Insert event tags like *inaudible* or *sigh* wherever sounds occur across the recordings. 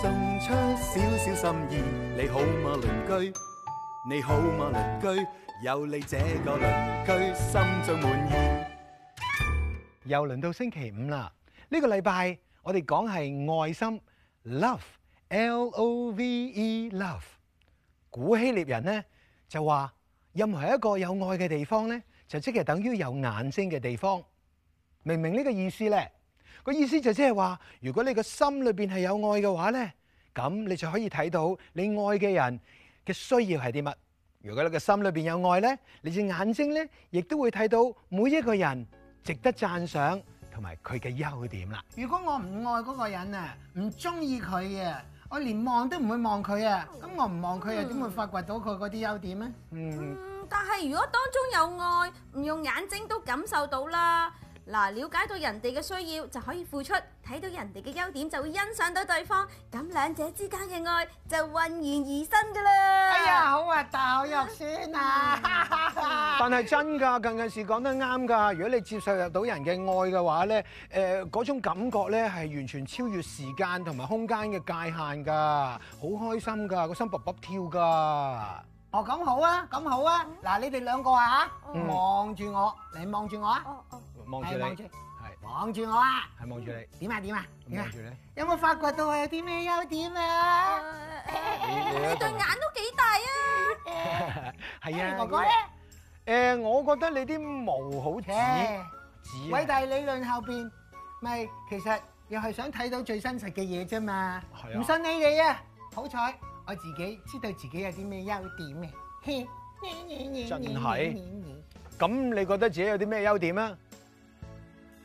送出少少心意，你好嗎鄰居？你好嗎鄰居？有你這個鄰居，心中滿意。又輪到星期五啦，呢個禮拜我哋講係愛心，love，L-O-V-E，love。古希臘人呢就話，任何一個有愛嘅地方呢，就即係等於有眼睛嘅地方。明唔明呢個意思呢？個意思就即係話，如果你個心裏邊係有愛嘅話呢，咁你就可以睇到你愛嘅人嘅需要係啲乜。如果你個心裏邊有愛呢，你隻眼睛呢，亦都會睇到每一個人值得讚賞同埋佢嘅優點啦。如果我唔愛嗰個人啊，唔中意佢嘅，我連望都唔會望佢啊。咁我唔望佢啊，又點會發掘到佢嗰啲優點呢？嗯，但係如果當中有愛，唔用眼睛都感受到啦。嗱，瞭解到人哋嘅需要就可以付出，睇到人哋嘅優點就會欣賞到對方，咁兩者之間嘅愛就混然而，而生噶啦！哎呀，好核突肉酸啊！嗯、 *laughs* 但係真噶，近近事講得啱噶。如果你接受到人嘅愛嘅話咧，誒、呃、嗰種感覺咧係完全超越時間同埋空間嘅界限噶，好開心噶，個心卜卜跳噶。哦，咁好啊，咁好啊！嗱、哦，你哋兩個啊，望住、哦、我，你望住我啊。哦哦望住你，係望住我啊！係望住你，點啊點啊！望住你，有冇發覺到我有啲咩優點啊？你對眼都幾大啊！係啊，哥哥，誒，我覺得你啲毛好睇，子，偉大理論後邊，咪其實又係想睇到最真實嘅嘢啫嘛。係啊。唔信你哋啊！好彩，我自己知道自己有啲咩優點啊。真係。咁你覺得自己有啲咩優點啊？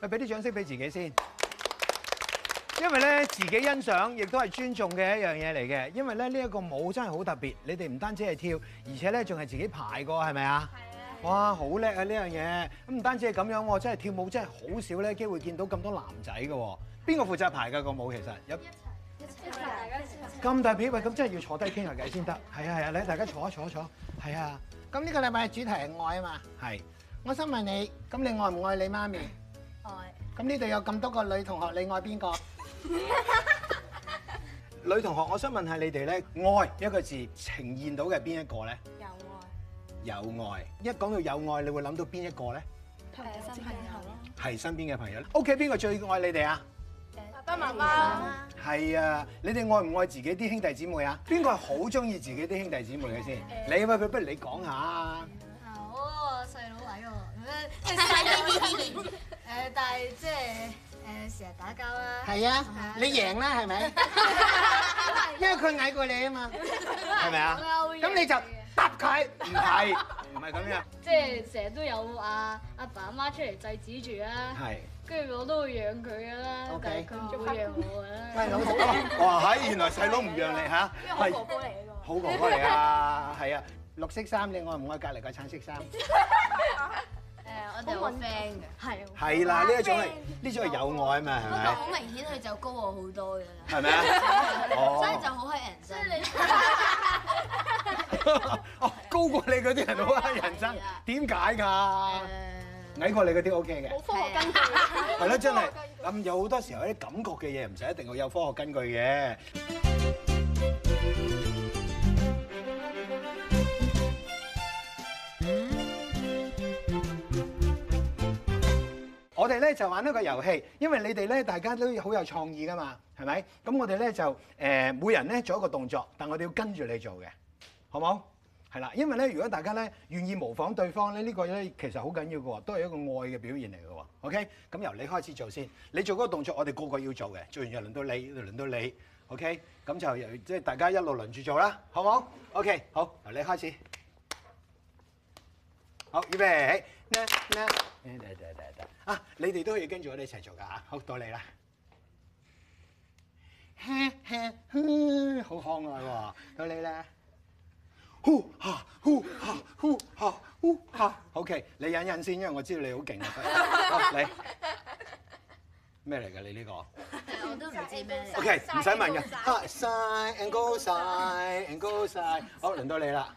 畀俾啲掌聲俾自己先，因為咧自己欣賞亦都係尊重嘅一樣嘢嚟嘅。因為咧呢一個舞真係好特別，你哋唔單止係跳，而且咧仲係自己排過，係咪啊？係啊！哇，好叻啊！呢樣嘢咁唔單止係咁樣喎，真係跳舞真係好少咧機會見到咁多男仔嘅。邊個負責排㗎個舞？其實有一齊一齊大家一齊咁大片咁真係要坐低傾下偈先得。係啊係啊，嚟大家坐一坐一坐。係啊，咁呢個禮拜嘅主題係愛啊嘛。係，我想問你，咁你愛唔愛你媽咪？咁呢度有咁多個女同學，你愛邊個女同學？我想問下你哋咧，愛一個字，呈現到嘅邊一個咧？有愛。有愛，一講到有愛，你會諗到邊一個咧？係身邊朋友咯。係身邊嘅朋友。屋企邊個最愛你哋啊？爸爸媽媽。係啊，你哋愛唔愛自己啲兄弟姊妹啊？邊個係好中意自己啲兄弟姊妹嘅先？你不如你講下。好，細佬仔喎。但係即係誒，成、呃、日打交啊，係啊，啊，你贏啦，係咪？ *laughs* 因為佢矮過你啊嘛，係咪啊？咁你就答佢， *laughs* 唔係唔係咁樣即係。即係成日都有阿、啊、阿爸阿媽出嚟制止住啊。係。跟住我都會養佢噶啦，okay、但係佢唔會養我噶啦、啊。喂 *laughs* 玩、啊，老實講，哇，係原來細佬唔讓你嚇、啊，係哥哥嚟嘅，好哥哥嚟啊，係 *laughs* *laughs* 啊，綠色衫你愛唔愛隔離個橙色衫？ *laughs* 都問 friend 嘅，係啊，係啦，呢一種係呢種係友愛啊嘛，係咪？好明顯佢就高我好多嘅啦，係咪啊？所以就好乞人憎，哦，高過你嗰啲人好乞人憎，點解㗎？矮過你嗰啲 OK 嘅，冇科學根據，係咯，真係咁有好多時候啲感覺嘅嘢唔使一定要有科學根據嘅。我哋咧就玩一個遊戲，因為你哋咧大家都好有創意噶嘛，係咪？咁我哋咧就誒、呃，每人咧做一個動作，但我哋要跟住你做嘅，好冇？係啦，因為咧如果大家咧願意模仿對方咧，呢、這個咧其實好緊要嘅喎，都係一個愛嘅表現嚟嘅喎。OK，咁由你開始做先，你做嗰個動作，我哋個個要做嘅，做完又輪到你，輪到你。OK，咁就即係、就是、大家一路輪住做啦，好冇？OK，好，好，由你開始。好，預備，唞唞，得得得得，啊，你哋都可以跟住我哋一齊做噶嚇，好，到你啦。嘿嘿，好可愛喎，到你啦。呼下，呼下，呼下，呼下，好嘅，你忍忍先，因為我知道你好勁啊，得，你咩嚟㗎？你呢個？我都唔知咩。O K，唔使問㗎，哈，三，Angle side，Angle side，好，輪到你啦。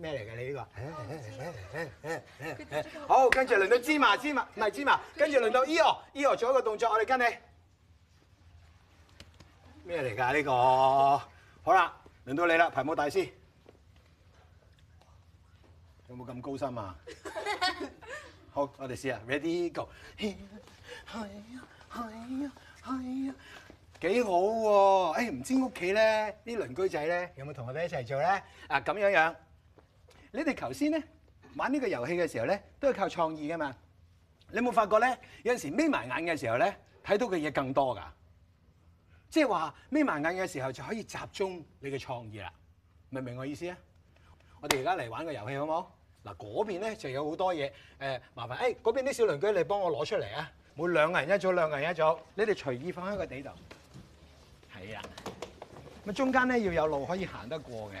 咩嚟嘅？你呢個？好，跟住輪到芝麻芝麻，唔係芝麻，跟住輪到 Eo Eo 做一個動作，我哋跟你咩嚟㗎？呢個好啦，輪到你啦，排舞大師，有冇咁高深啊？好，我哋試下，Ready Go！係啊係啊係啊！幾好喎！誒，唔知屋企咧，啲鄰居仔咧，有冇同我哋一齊做咧？啊，咁樣樣。你哋頭先咧玩呢個遊戲嘅時候咧，都係靠創意㗎嘛。你有冇發覺咧？有陣時眯埋眼嘅時候咧，睇到嘅嘢更多㗎。即係話眯埋眼嘅時候就可以集中你嘅創意啦。明唔明我意思啊？我哋而家嚟玩個遊戲好冇？嗱，嗰邊咧就有好多嘢誒、呃，麻煩誒，嗰、哎、邊啲小鄰居，你幫我攞出嚟啊！每兩個人一組，兩個人一組，你哋隨意放喺個地度。係啊，咁中間咧要有路可以行得過嘅。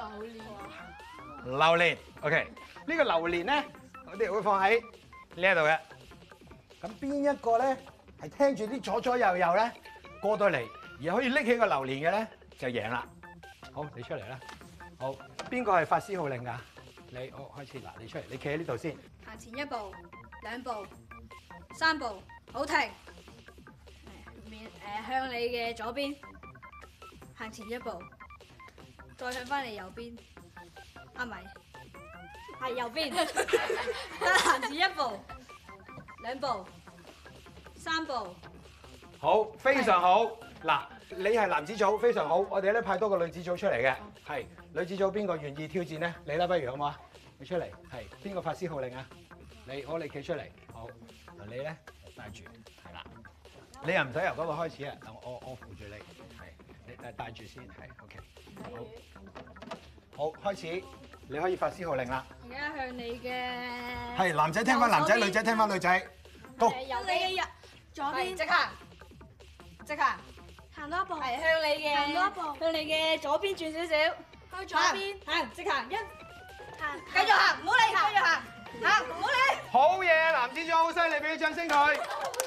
榴蓮，榴蓮，OK，呢個榴蓮咧，我哋會放喺呢一度嘅。咁邊一個咧係聽住啲左左右右咧過到嚟，而可以拎起個榴蓮嘅咧就贏啦。好，你出嚟啦。好，邊個係發施號令噶？你，我開始嗱，你出嚟，你企喺呢度先。行前一步，兩步，三步，好停。面誒，向你嘅左邊，行前一步。再向翻嚟右邊，啊唔係，係右邊，行前一步，兩步，三步，好，非常好，嗱，你係男子組，非常好，我哋咧派多個女子組出嚟嘅，係，女子組邊個願意挑戰咧？你啦，不如好唔好啊？你出嚟，係，邊個法師號令啊？你我嚟企出嚟，好，嗱你咧帶住，係啦，你又唔使由嗰個開始啊，等我我扶住你，係。誒帶住先，係 OK。好，好開始，你可以發施號令啦。而家向你嘅係男仔聽翻男仔，女仔聽翻女仔。到右邊，左邊。即行，即行。行多一步。係向你嘅。行多一步。向你嘅左邊轉少少。向左邊。係，即行一。行，繼續行，唔好理。繼續行。行，唔好理。好嘢，男仔真係好犀利，俾啲掌聲佢。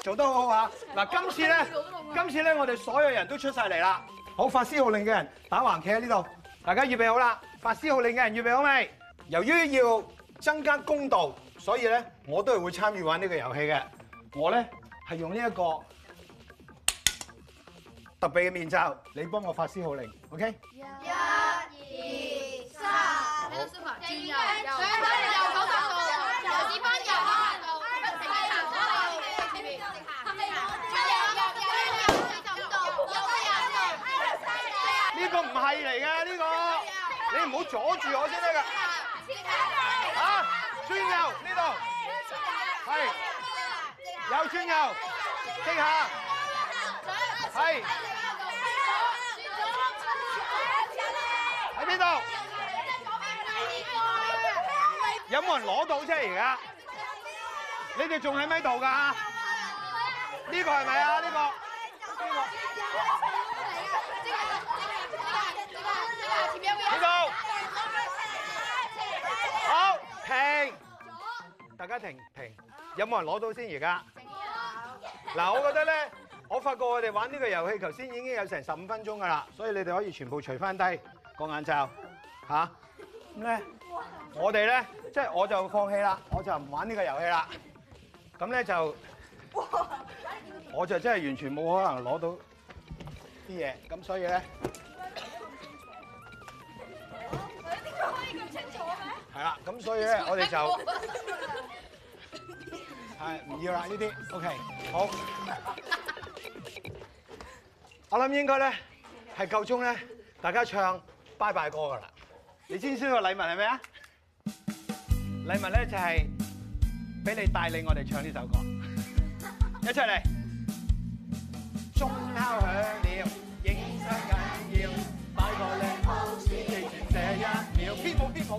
做得好好呀。嗱，今次咧，今次咧，我哋所有人都出曬嚟啦。好，發施號令嘅人打橫企喺呢度，大家預備好啦。發施號令嘅人預備好未？由於要增加公道，所以咧我都係會參與玩呢個遊戲嘅。我咧係用呢一個特別嘅面罩，你幫我發施號令，OK？一、二、三。好。係嚟噶呢個，你唔好阻住我先得噶。啊，轉右呢度，係，右轉右，傾下，係。喺邊度？有冇人攞到啫而家？你哋仲喺咪度噶？呢個係咪啊？呢個，呢個。邊度？好，停！大家停停，有冇人攞到先而家？嗱，我覺得咧，我發覺我哋玩呢個遊戲頭先已經有成十五分鐘噶啦，所以你哋可以全部除翻低個眼罩，吓，咁咧，我哋咧即係我就放棄啦，我就唔玩呢個遊戲啦。咁咧就，我就真係完全冇可能攞到啲嘢，咁所以咧。係啦，咁所以咧，我哋就係唔要啦呢啲。OK，好，我諗應該咧係夠鐘咧，大家唱拜拜歌噶啦。你知唔知個禮物係咩啊？禮物咧就係俾你帶領我哋唱呢首歌。一出嚟，鐘敲響了，影相緊要，擺個靚 pose，記住這一秒，編舞編舞。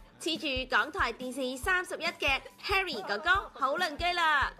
黐住港台電視三十一嘅 Harry 哥哥， *laughs* 好鄰居啦！